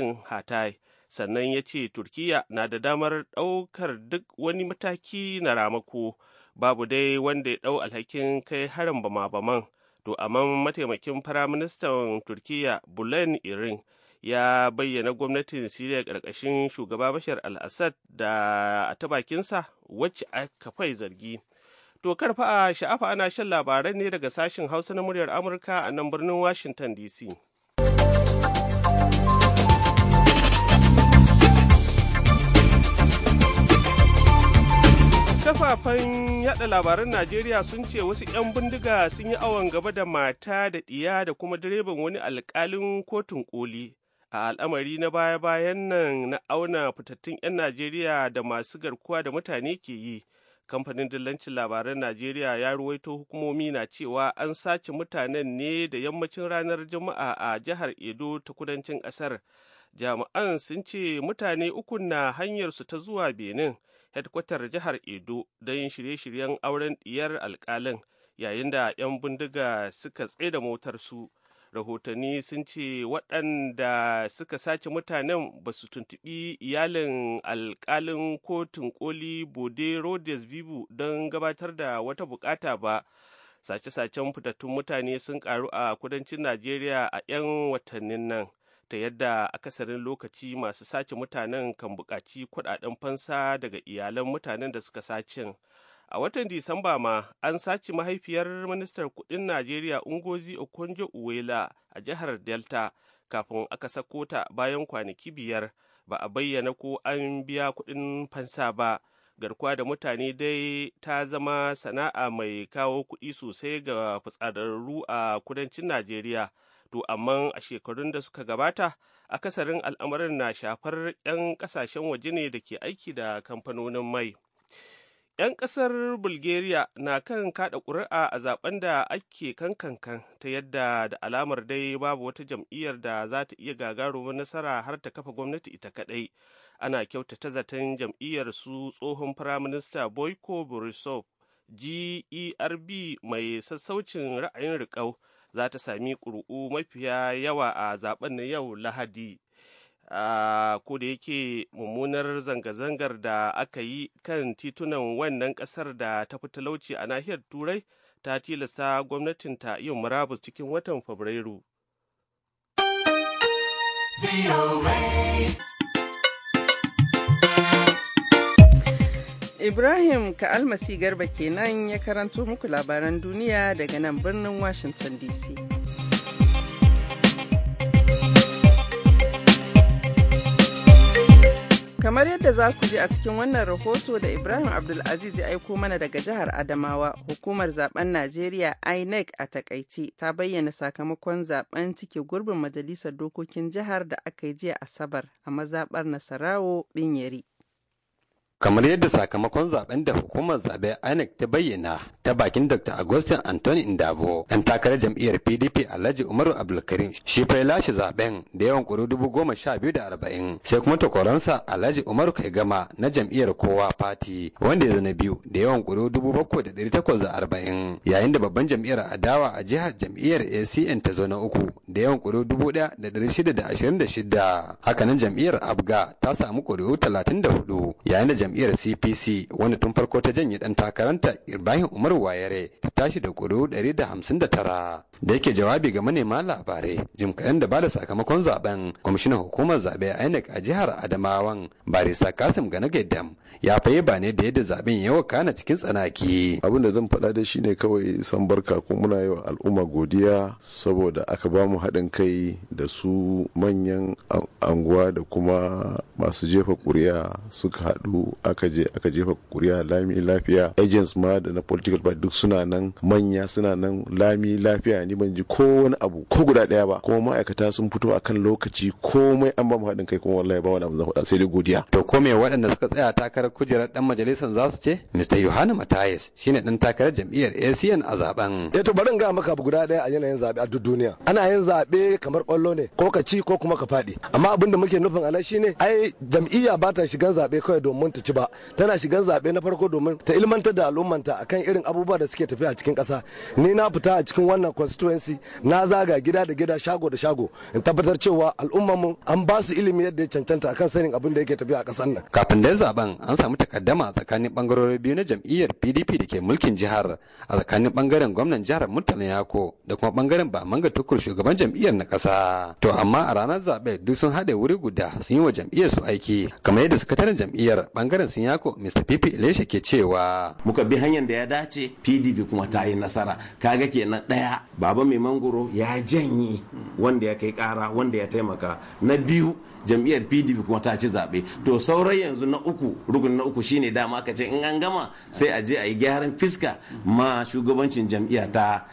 Hatay sannan ya ce Turkiyya na da damar ɗaukar duk wani mataki na ramako babu dai wanda ya ɗau alhakin kai harin bama-baman to amma mataimakin firaministan Turkiyya Bulen Irin ya bayyana gwamnatin Siriya ƙarƙashin shugaba Bashar al-Assad da ta bakinsa wacce aka fai zargi. To karfa a sha'afa ana shan labaran ne daga sashen Hausa na muryar Amurka a nan birnin Washington DC. kafafen yada labaran Najeriya sun ce wasu 'yan bindiga sun yi awon gaba da mata da ɗiya da kuma direban wani alkalin kotun koli a al'amari na baya-bayan nan na auna fitattun 'yan Najeriya da masu garkuwa da mutane ke yi. Kamfanin dillancin labaran Najeriya ya ruwaito hukumomi na cewa an sace mutanen ne da yammacin ranar Juma'a a jihar Edo ta kudancin ƙasar. Jami'an sun ce mutane uku na hanyarsu ta zuwa Benin. hedkwatar jihar edo don shirye-shiryen auren diyar alkalin yayin da 'yan bindiga suka tsaida motarsu rahotanni sun ce waɗanda suka sace mutanen ba su tuntuɓi iyalin alkalin kotun koli bode rhodes Bibu don gabatar da wata bukata ba sace-sacen fitattun mutane sun karu a kudancin najeriya a 'yan watannin nan ta yadda akasarin lokaci masu sace mutanen kan buƙaci kuɗaɗen fansa daga iyalan mutanen da suka sacin a watan disamba ma an sace mahaifiyar ministar kuɗin najeriya ungozi okonjo uwela a jihar delta kafin aka sako ta bayan kwanaki biyar ba a bayyana ko an biya kuɗin fansa ba garkuwa da mutane dai ta zama sana'a mai kawo kuɗi sosai ga fitsararru a kudancin najeriya to amma a shekarun da suka gabata akasarin al'amarin na shafar 'yan kasashen waje ne da ke aiki da kamfanonin mai 'yan kasar bulgaria na kan kada ƙuri'a a zaben da ake kankankan ta yadda da alamar dai babu wata jam'iyyar da za ta iya gagarumar nasara har ta kafa gwamnati ita kadai ana kyautata zaton jam'iyyar su tsohon firaminista boyko borisov gerb mai sassaucin ra'ayin riƙau za ta sami ƙuri'u mafiya yawa a zaben na yau lahadi ko da yake mummunar zanga-zangar da aka yi kan titunan wannan ƙasar da ta fi talauci a nahiyar turai ta tilasta gwamnatinta yin murabus cikin watan fabrairu Ibrahim Ka'almasi Garba kenan ya karanto muku labaran duniya daga nan birnin Washington DC. Kamar yadda za ku ji a cikin wannan rahoto da Ibrahim Abdulaziz ya aiko mana daga jihar Adamawa, hukumar zaben Najeriya INEC a takaice ta bayyana sakamakon zaben cike gurbin majalisar dokokin jihar da aka yi jiya Asabar a mazaɓar Nasarawo Binyeri. kamar yadda sakamakon zaben da hukumar zabe INEC ta bayyana ta bakin Dr. Augustin Anthony Indabo dan takarar jam'iyyar PDP Alhaji Umaru Abdulkarim shi fa lashe zaben da yawan kuri dubu goma sha biyu da arba'in sai kuma takwaransa Alhaji Umaru Kai Gama na jam'iyyar Kowa Party wanda ya zana biyu da yawan kuri dubu bakwai da ɗari takwas da arba'in yayin da babban jam'iyyar adawa a jihar jam'iyyar ACN ta zo na uku da yawan kuri dubu ɗaya da ɗari shida da ashirin da shida hakanan jam'iyyar Abga ta samu kuri'u talatin da hudu yayin da jam'iyyar cpc wanda tun farko ta janye dan takaranta ibrahim umar wayere ta tashi da ƙuri'u 159 da yake jawabi ga manema labarai jim kaɗan da bada sakamakon zaben kwamishinan hukumar zaɓe a inec a jihar adamawan barisa kasim ganagaidam ya faye ba ne da yadda zaben ya na cikin tsanaki abin da zan faɗa da shi ne kawai san barka ko muna yi wa al'umma godiya saboda aka ba mu haɗin kai da su manyan anguwa da kuma masu jefa ƙuri'a suka haɗu aka je aka jefa ƙuri'a lami lafiya agents ma da na political party duk suna nan manya suna nan lami lafiya amfani ban ji ko wani abu ko guda daya ba kuma ma'aikata sun fito a kan lokaci komai an ba mu haɗin kai kuma wallahi ba wani abu zan faɗa sai dai godiya to ko me waɗanda suka tsaya takarar kujerar dan majalisar za su ce Mr. Yohana Matayes shine dan takarar jam'iyyar ACN a zaben eh to bari in ga maka abu guda daya a yanayin zabe a duk duniya ana yin zabe kamar kwallo ne ko ka ci ko kuma ka faɗi amma abin da muke nufin alai shine ai jam'iyya ba ta shigan zabe kawai domin ta ci ba tana shigan zabe na farko domin ta ilmantar da al'ummanta akan irin abubuwa da suke tafiya a cikin ƙasa ni na fita a cikin wannan constituency na zaga gida da gida shago da shago in tabbatar cewa al'umma mu an ba su ilimi yadda ya cancanta akan sanin abin da yake tafiya a kasar nan kafin da zaben an samu takaddama tsakanin bangarori biyu na jam'iyyar PDP da ke mulkin jihar a tsakanin bangaren gwamnan jihar Murtala Yako da kuma bangaren manga Tukur shugaban jam'iyyar na kasa to amma a ranar zabe duk sun haɗe wuri guda sun yi wa jam'iyyar su aiki kamar yadda sakataren jam'iyyar bangaren sun yako Mr. pp Ilesha ke cewa muka bi hanyar da ya dace PDP kuma ta yi nasara kaga kenan daya ba baba mai mangoro ya janye wanda ya kai kara wanda ya taimaka na biyu jam'iyyar pdp kuma ta ci zaɓe to saurayi yanzu na uku rukun na uku shine dama aka ce in an gama sai a je a yi gyaran fiska ma shugabancin jam'iyya ta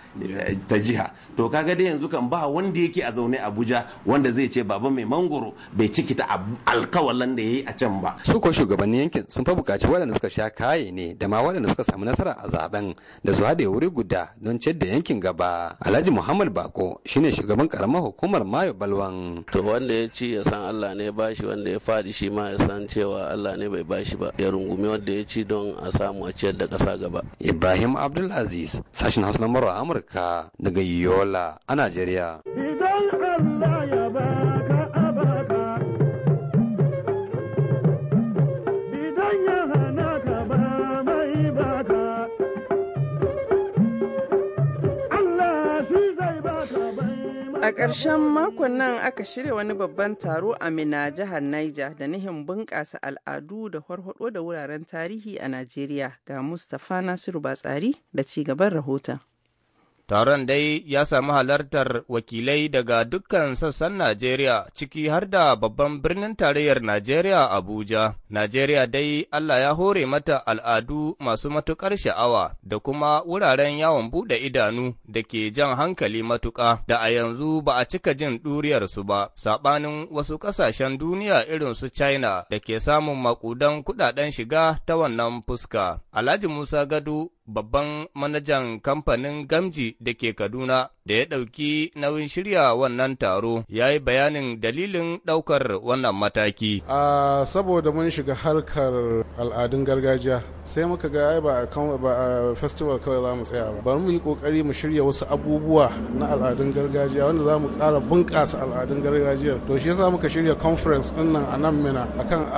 jiha to kaga dai yanzu kan ba wanda yake a zaune abuja wanda zai ce baba mai mangoro bai ciki ta alkawalan da ya yi a can ba su ko shugabannin yankin sun fa bukaci waɗanda suka sha kaye ne da ma waɗanda suka samu nasara a zaben da su haɗe wuri guda don ciyar da yankin gaba Alhaji Muhammad Bako shine shugaban karamar hukumar Mayo Balwan. To wanda ya ci ya san Allah ne bashi, wanda ya fadi shi ma ya san cewa Allah ne bai ba shi ba ya rungumi wanda ya ci don a samu a ciyar da ƙasa gaba. Ibrahim Abdulaziz sashin Hausa na Amurka daga Yola a Najeriya. Allah ya A ƙarshen makon nan aka shirya wani babban taro a Mina jihar Niger da nihin bunƙasa al'adu da farfaɗo da wuraren tarihi a Najeriya ga Mustapha Nasiru Batsari da ci gaban rahoton. Taron dai ya sami halartar wakilai daga dukkan sassan Najeriya ciki har da babban birnin tarayyar Najeriya Abuja. Najeriya dai Allah ya hore mata al'adu masu matuƙar sha'awa da kuma wuraren yawon buɗe idanu da ke jan hankali matuƙa da a yanzu ba a cika jin ɗuriyarsu ba, saɓanin wasu ƙasashen duniya irin su China da ke samun maƙudan kuɗaɗen shiga ta wannan fuska. Alhaji Musa Gado babban manajan kamfanin Gamji da ke Kaduna, da ya ɗauki nauyin shirya wannan taro ya yi bayanin dalilin ɗaukar wannan mataki. A saboda mun shiga harkar al'adun gargajiya sai muka ga ba a festival kawai za mu tsaya ba. Bari mu yi ƙoƙari mu shirya wasu abubuwa na al'adun gargajiya wanda za mu ƙara bunƙasa al'adun gargajiya. To shi yasa muka shirya conference ɗin nan a nan mina akan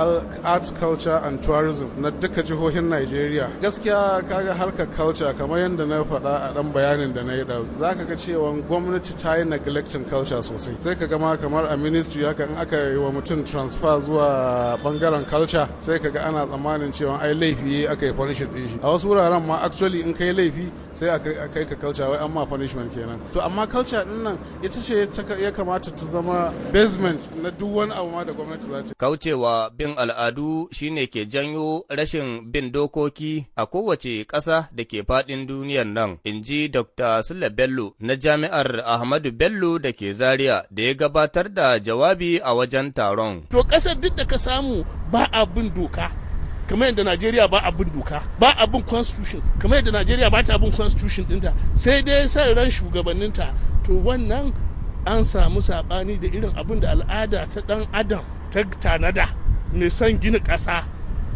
arts culture and tourism na duka jihohin Najeriya. Gaskiya kaga harkar culture kamar yadda na faɗa a ɗan bayanin da na yi ɗazu. Za ka ga cewa cewa gwamnati ta yi neglecting culture sosai sai ka gama kamar a ministry haka in aka yi wa mutum transfer zuwa bangaren culture sai ka ga ana tsammanin cewa ai laifi aka yi punishment din shi a wasu wuraren ma actually in kai laifi sai a kai ka culture wai amma punishment kenan to amma culture din nan ita ce ya kamata ta zama basement na duk wani abu ma da gwamnati za ta kaucewa bin al'adu shine ke janyo rashin bin dokoki a kowace ƙasa da ke faɗin duniyar nan in ji dr sule bello na jami'ar Ahmadu Bello da ke Zaria da ya gabatar da jawabi a wajen taron. To ƙasar duk da ka samu ba abin doka. kamar yadda Najeriya ba abin doka ba abin constitution kamar yadda Najeriya ba ta abin constitution dinta sai dai san ran shugabanninta to wannan an samu saɓani da irin abin da al'ada ta ɗan adam ta tanada mai son gina ƙasa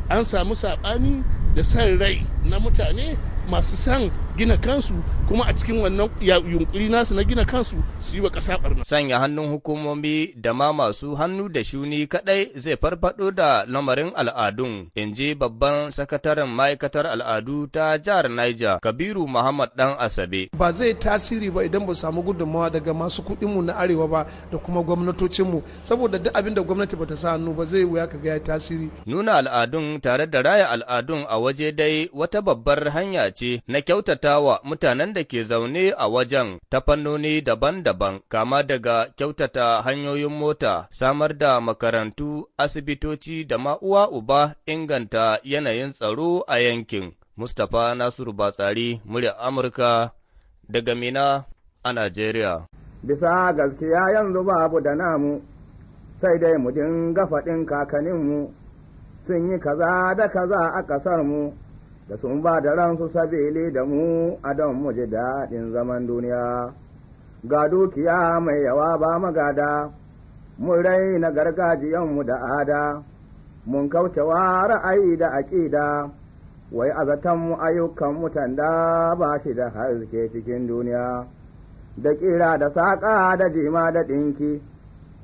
an samu saɓani da san rai na mutane masu san gina kansu kuma a cikin wannan yunkuri nasu na gina kansu su yi wa ƙasa ɓarna. Sanya hannun hukumomi da ma masu hannu da shuni kaɗai zai farfaɗo da lamarin al'adun, in ji babban sakataren ma'aikatar al'adu ta jihar Niger, Kabiru Muhammad Dan Asabe. Ba zai tasiri ba idan ba samu gudunmawa daga masu mu na arewa ba da kuma gwamnatocinmu, saboda duk abin da gwamnati ba ta sa hannu ba zai wuya ka ga ya tasiri. Nuna al'adun tare da raya al'adun a waje dai wata babbar hanya ce na kyautata kyautata wa mutanen da ke zaune a wajen ta fannoni daban-daban, kama daga kyautata hanyoyin mota, samar da makarantu, asibitoci da ma'uwa uba inganta yanayin tsaro a yankin. Mustapha Nasiru Batsari, murya Amurka, daga Mina a Najeriya. Bisa gaskiya yanzu babu da namu, sai dai mu dinga faɗin kakaninmu, sun yi kaza da kaza a ƙasarmu. mu. da sun ba da ransu sabili da mu a don mu ji daɗin zaman duniya ga dukiya mai yawa ba magada mun raina gargajiyanmu da ada mun kaucewa ra'ayi da aƙida wai a zaton ayyukan mutan da ba shi da haske cikin duniya da ƙira da saƙa da jima da ɗinki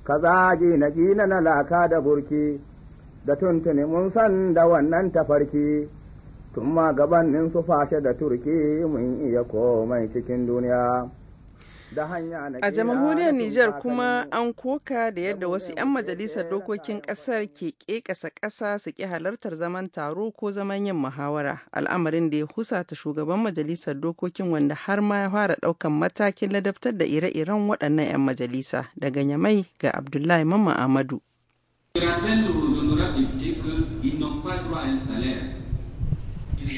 ka zagi na gina na laka da burki da tuntuni mun san da wannan tafarki tumma gaban gabanin su fashe da turki mun iya komai cikin duniya A jamhuriyar Nijar kuma an koka da yadda wasu 'yan majalisar dokokin ƙasar ke ƙeƙasa ƙasa su ki halartar zaman taro ko zaman yin muhawara al'amarin da ya husata shugaban majalisar dokokin wanda har ma ya fara ɗaukan matakin ladabtar da ire-iren waɗannan 'yan majalisa daga Nyamai ga Abdullahi Mamma Amadu.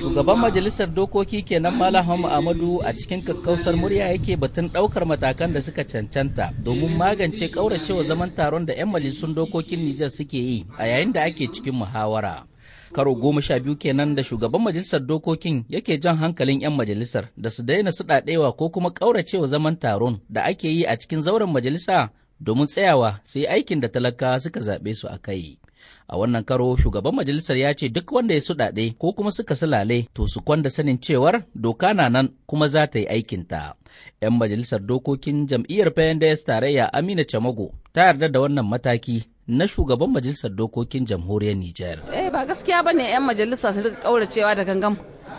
shugaban majalisar dokoki kenan malam amadu a cikin kakkausar murya yake batun ɗaukar matakan da suka cancanta domin magance kauracewa zaman taron da 'yan majalisun dokokin nijar suke yi a yayin da ake cikin muhawara karo goma sha biyu kenan da shugaban majalisar dokokin yake jan hankalin 'yan majalisar da su daina suɗaɗewa ko kuma ƙauracewa zaman taron da ake yi a cikin zauren majalisa domin tsayawa sai aikin da talakawa suka zaɓe su a kai A wannan karo shugaban majalisar ya ce duk wanda ya suɗaɗe ko kuma suka sulale to su kwanda sanin cewar doka na nan kuma za ta yi aikinta. 'Yan majalisar dokokin jam'iyyar PNDS tarayya Amina Chamago ta yarda da wannan mataki na shugaban majalisar dokokin jamhuriyar Nijar. Eh ba gaskiya ba ne 'yan majalisa su rika kauracewa da gangan.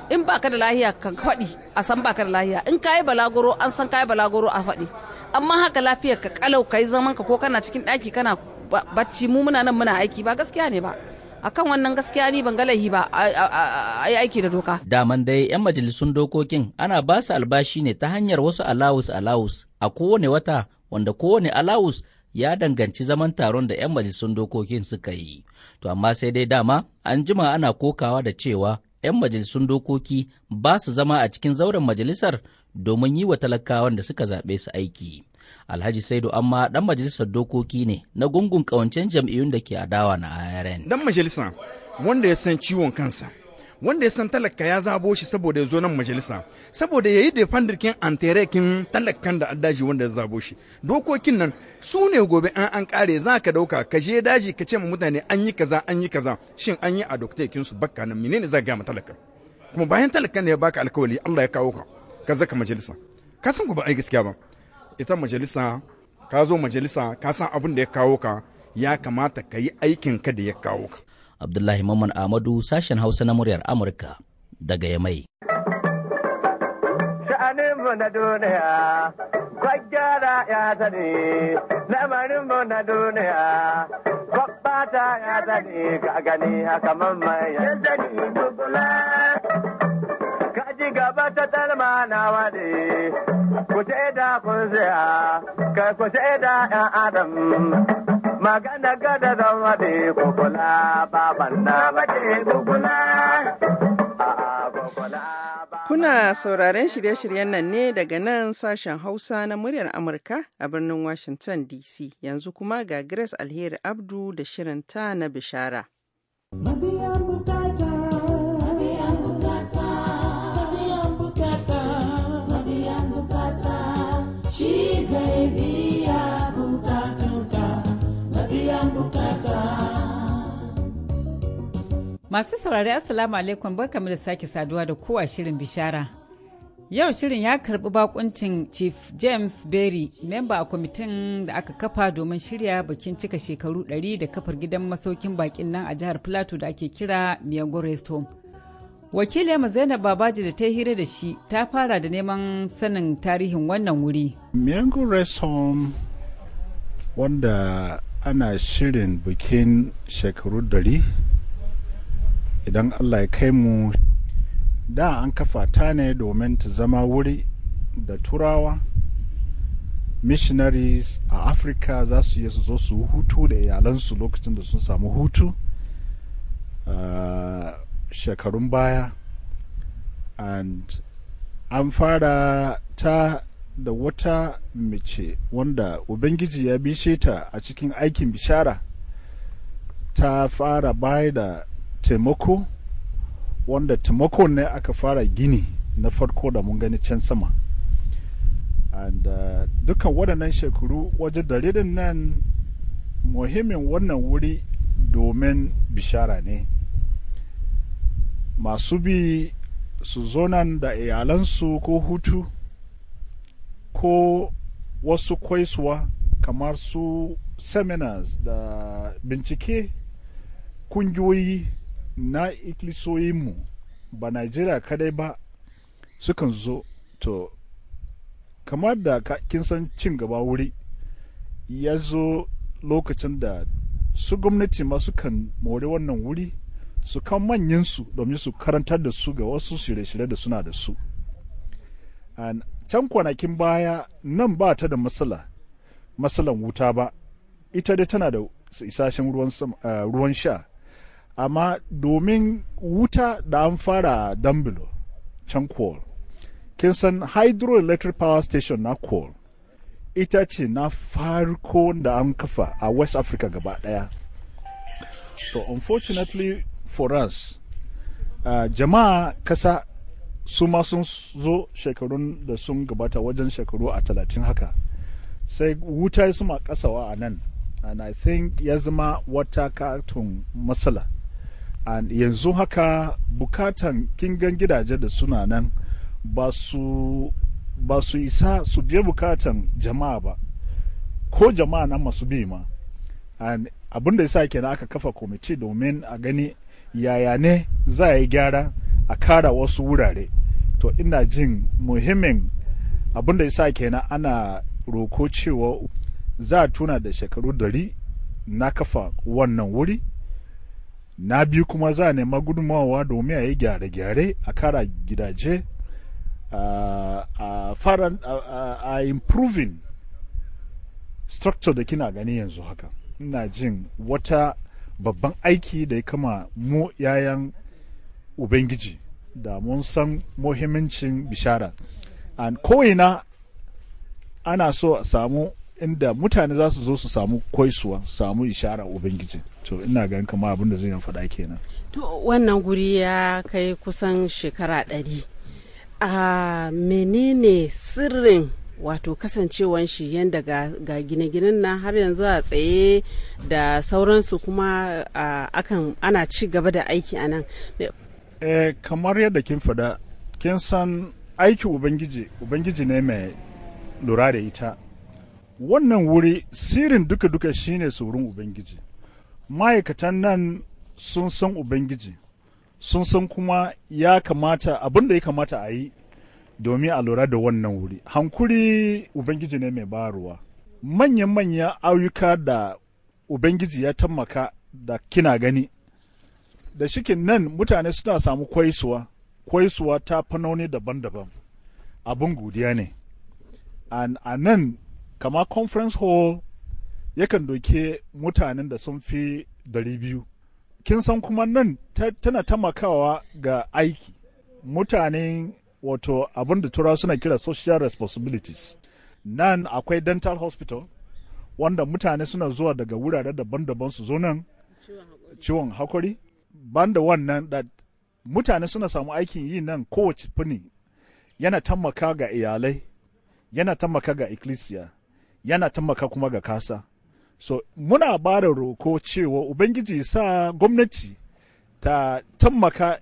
In ba ka da lahiya ka faɗi a san ba ka da lahiya. In ka yi balagoro an san ka yi balagoro a faɗi. Amma haka lafiyar ka kalau ka yi zaman ka ko kana cikin ɗaki kana bacci mu muna nan muna aiki ba gaskiya ne ba akan wannan gaskiya ni ban galahi ba a yi aiki da doka. Daman dai 'yan majalisun dokokin ana ba su albashi ne ta hanyar wasu alawus alawus a kowane wata wanda kowane alawus ya danganci zaman taron da 'yan majalisun dokokin suka yi. To amma sai dai dama an jima ana kokawa da cewa 'yan majalisun dokoki ba su zama a cikin zauren majalisar domin yi wa talakawan da suka zaɓe su aiki. Alhaji Saidu amma dan majalisar dokoki ne na gungun kawancen jam'iyyun da ke adawa na IRN. Dan majalisa wanda ya san ciwon kansa, wanda ya san talaka ya zabo shi saboda ya zo nan majalisa, saboda ya yi defandirkin anterekin talakan da daji wanda ya zabo shi. Dokokin nan su ne gobe an an kare za ka dauka ka je daji ka ce ma mutane an yi kaza an yi kaza shin an yi a doktekin su bakka nan menene za ga ma talaka. Kuma bayan talakan da ya baka alkawali Allah ya kawo ka ka zaka majalisa. Ka san gobe ai gaskiya ba. ita majalisa ka zo majalisa ka san abin da ya kawo ka ya kamata ka yi aikin ka da ya kawo ka abdullahi mamman amadu sashen hausa na muryar amurka daga yamai sha'aninmu na duniya kwaggara ya zane lamarinmu na duniya kwabbata ya zane ka gani haka mamman ya zane ci gaba ta na wade ku da kun tsaya, kai ku da ɗan Adam. Magana gada zan ku kula baban na ku kula Kuna sauraron shirye-shiryen nan ne daga nan sashen Hausa na muryar Amurka a birnin Washington DC yanzu kuma ga Grace Alheri Abdu da shirinta na Bishara. Masu saurari Assalamu alaikum barkamu da sake saduwa da kowa shirin bishara. Yau shirin ya karbi bakuncin Chief James Berry, memba a kwamitin da aka kafa domin shirya bikin cika shekaru 100 da kafar gidan masaukin bakin nan a jihar Plateau da ake kira Miyago Rest Home. Wakiliyarmu Zainab Babaji da ta hira da shi ta fara da neman sanin tarihin wannan wuri. Miyago Rest wanda ana shirin bikin shekaru 100 idan allah ya kai mu da an kafa ta ne domin ta zama wuri da turawa missionaries a afirka za su iya su zo su hutu da iyalansu lokacin da sun samu hutu uh, shekarun baya and an fara ta da wata mace wanda ubangiji ya bishe ta a cikin aikin bishara ta fara bai da taimako wanda taimako ne aka fara gini na farko da mun gani can sama and uh, dukkan waɗannan shekaru waje dalilin nan muhimmin wannan wuri domin bishara ne masu bi su zo nan da iyalansu ko hutu ko wasu kwaisuwa kamar su seminars da bincike kungiyoyi na ikilisoyinmu ba najeriya kadai ba sukan zo to kamar da kin san cin gaba wuri ya zo lokacin da su gwamnati ma sukan more wannan wuri su kan manyansu domin su karantar da su ga wasu shirye-shirye da suna da su can kwanakin baya nan ba ta da matsala matsalan wuta ba ita dai tana da isashen eh, ruwan sha amma domin wuta da an fara dambilo can coal kin san hydroelectric power station na coal ita ce na farko da an kafa a west africa gaba daya so unfortunately for us uh, jama'a kasa su ma sun zo shekarun da sun gabata wajen shekaru a talatin haka sai wuta ya suma kasawa a nan and i think ya zama wata katon matsala yanzu haka bukatan kingan gidaje da suna nan ba su isa su biya bukatan jama'a ba ko jama'a nan masu bi ma abin da sa kenan aka kafa kwamiti domin a gani yaya ne za a yi gyara a kara wasu wurare to ina jin muhimmin abin da yasa kenan ana roko cewa za a tuna da shekaru dari na kafa wannan wuri na biyu kuma za a nema gudunmawa domin a yi gyare-gyare a kara gidaje a fara a improving structure da kina gani yanzu haka ina jin wata babban aiki da ya kama mu yayan ubangiji da mun san muhimmancin bishara and ko'ina ana so a samu inda mutane za su zo su samu kwaisuwa su samu ishara ubangiji to ina ganin kama abin da zai faɗa kenan to wannan guri ya kai kusan shekara ɗari a menene sirrin wato kasancewan shi yadda ga, gine-ginen nan har yanzu a tsaye da sauransu kuma akan ana ci gaba da aiki a nan eh, kamar yadda kin faɗa kin san aiki ubangiji ubangiji ne mai lura da ita wannan wuri sirin duka-duka shine tsoron ubangiji ma'aikatan nan sun san ubangiji sun san kuma ya kamata abin da ya kamata a yi domin a lura da wannan wuri hankuri ubangiji ne mai baruwa manyan-manyan ayyuka da ubangiji ya tammaka da kina gani da shikin nan mutane suna samu kwaisuwa kwaisuwa ta fanoni daban-daban abin godiya ne a nan kama conference hall yakan doke mutanen da sun fi dari biyu kin san kuma nan tana tamakawa ga aiki mutanen wato abin da turawa suna kira social responsibilities nan akwai dental hospital wanda mutane suna zuwa daga wurare daban-daban su zo nan ciwon hakori banda wannan da mutane suna samu aikin yi nan kowace fini yana tamaka ga iyalai yana tamaka ga ikkilisiya yana taimaka kuma ga kasa so muna ba roko cewa ubangiji sa gwamnati ta tammaka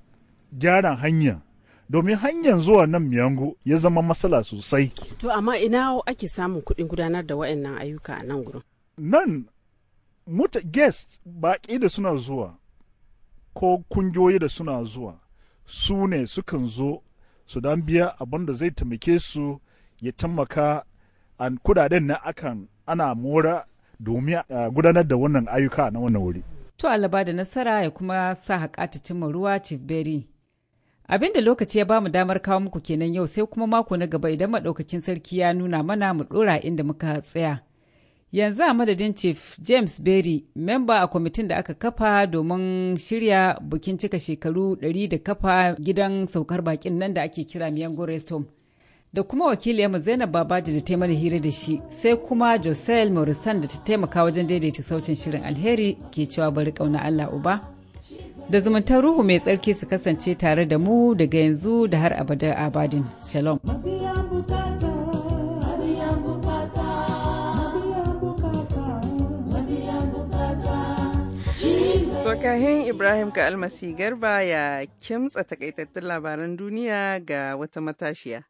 gyaran hanya domin hanyar zuwa nan miyango ya zama matsala sosai to amma ina ake samun kuɗin gudanar da waɗannan ayyuka a nan gurin nan muta guest baƙi da suna zuwa ko kungiyoyi da suna zuwa su ne sukan zo su dan biya abin da zai taimake su ya taimaka an kudaden na akan ana mora domin gudanar da wannan ayyuka na wannan wuri. To alaba da nasara ya kuma sa haƙa ta cimma ruwa Chief Berry. Abin da lokaci ya bamu damar kawo muku kenan yau sai kuma mako na gaba idan maɗaukakin sarki ya nuna mana mu ɗora inda muka tsaya. Yanzu a madadin Chief James Berry, memba a kwamitin da aka kafa domin shirya bikin cika shekaru 100 da kafa gidan saukar bakin nan da ake kira Miyan Rest da kuma wakiliyarmu Zainab Babaji da ta hira da shi sai kuma Josel Morrison da ta taimaka wajen daidaita sautin shirin alheri ke cewa bari kauna Allah uba da zumuntar ruhu mai tsarki su kasance tare da mu daga yanzu da har abada abadin shalom Tokahin Ibrahim ga almasi garba ya kimtsa takaitattun labaran duniya ga wata matashiya.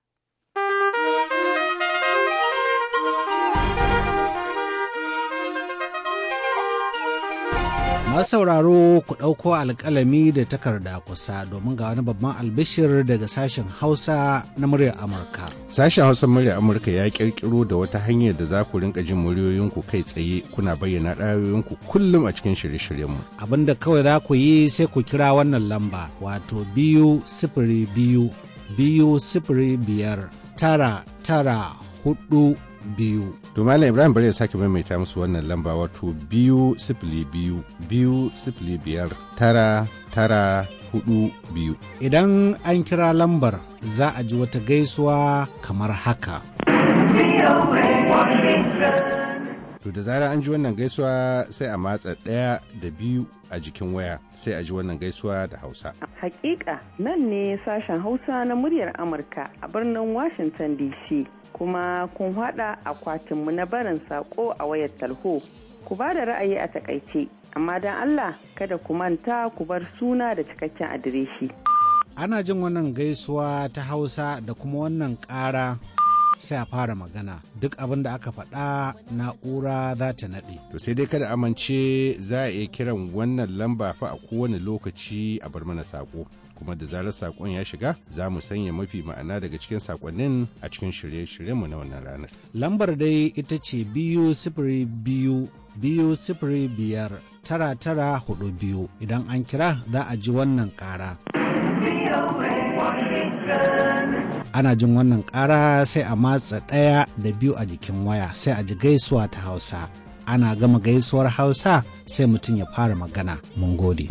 Masu sauraro ku ɗauko alƙalami da takarda kusa domin ga wani babban albishir daga sashen Hausa na muryar Amurka. Sashen Hausa muryar Amurka ya ƙirƙiro da wata hanyar da za ku rinka jin muryoyinku kai tsaye kuna bayyana ɗayoyinku kullum a cikin shirye-shiryenmu. Abin da kawai za ku yi sai ku kira wannan lamba wato biyu sifiri biyu biyu sifiri biyar tara tara hudu biyu. To Ibrahim bari ya sake maimaita musu wannan lamba wato biyu sifili biyu biyu sifili biyar tara tara hudu biyu. Idan an kira lambar za a ji wata gaisuwa kamar haka. To da zara an ji wannan gaisuwa sai a matsa ɗaya da biyu a jikin waya sai a ji wannan gaisuwa da Hausa. Hakika nan ne sashen Hausa na muryar Amurka a birnin Washington DC. kuma kun haɗa akwatinmu na barin saƙo a wayar tarho. Ku ba da ra'ayi a takaice, amma don Allah kada ku manta ku bar suna da cikakken adireshi. Ana jin wannan gaisuwa ta Hausa da kuma wannan ƙara. sai a fara magana duk abin da aka faɗa na'ura za ta naɗe. To sai dai kada amince za a iya kiran wannan lamba fa a kowane lokaci a bar mana saƙo. kuma da zarar sakon ya shiga za mu sanya mafi ma'ana daga cikin sakonnin a cikin shirye-shiryenmu na wannan ranar. Lambar dai ita ce biyu sifiri biyu biyu sifiri biyar tara tara hudu biyu idan an kira za a ji wannan kara. Ana jin wannan kara sai a matsa ɗaya da biyu a jikin waya sai a ji gaisuwa ta Hausa. Ana gama gaisuwar Hausa sai mutum ya fara magana. Mun gode.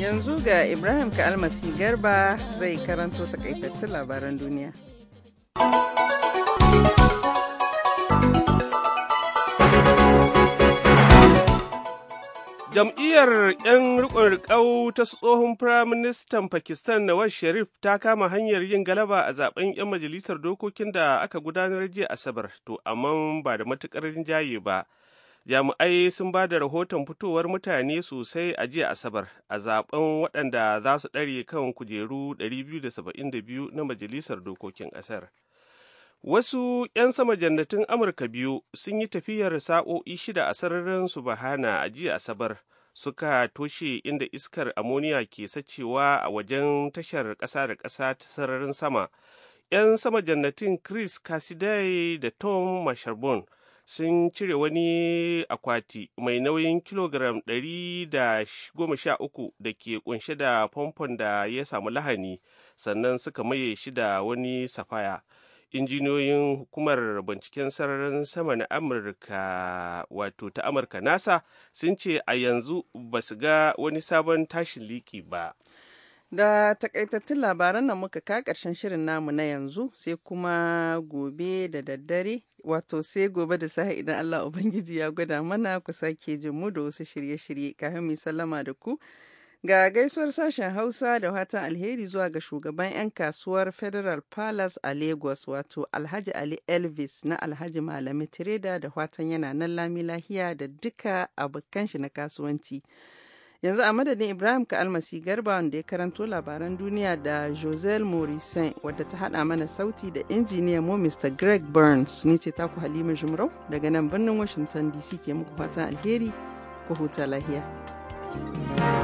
Yanzu ga Ibrahim Ka'almasi Garba zai karanto takaitattun labaran duniya. Jam'iyyar 'yan riƙon riƙau ta tsohon Firaministan Pakistan Nawaz Sharif ta kama hanyar yin galaba a zaben 'yan majalisar dokokin da aka gudanar jiya Asabar, to amma ba da matuƙar jaye ba. Jami'ai sun ba da rahoton fitowar mutane sosai a jiya Asabar a zaben waɗanda za su ɗare kan kujeru 272 na majalisar dokokin ƙasar. Wasu ‘yan sama jannatin Amurka biyu sun yi tafiyar sa'o'i shida a sararin Subahana a jiya Asabar suka toshe inda iskar amoniya ke sacewa a wajen tashar ƙasa da ƙasa ta sararin sama. ‘Yan sama jannatin Chris Cassidy da Tom Masharbon sun cire wani akwati mai nauyin kilogram 113 da ke kunshe da famfon da ya samu lahani sannan suka maye shi da wani safaya. injiniyoyin hukumar binciken sararin sama na amurka wato ta amurka nasa sun ce a yanzu ba su ga wani sabon tashin liki ba da takaitattun labaran nan muka ka karshen shirin namu na yanzu sai kuma gobe da daddare wato sai gobe da sahi idan allah ubangiji ya gwada mana ku sake jin mu da wasu shirye-shirye kafin mu sallama da ku Ga gaisuwar sashen Hausa da watan alheri zuwa ga shugaban 'yan kasuwar Federal Palace a Lagos wato Alhaji Ali Elvis na Alhaji Malami Tireda da watan yana nan lami lahiya da duka abokan shi na kasuwanci. Yanzu a madadin Ibrahim ka almasi garba wanda ya karanto labaran duniya da Joselle Morrison wadda ta hada mana sauti da injiniya mu Mr. Greg Burns ni ce ku Halima Jumrau daga nan birnin Washington DC ke muku fatan alheri ku huta lahiya. thank you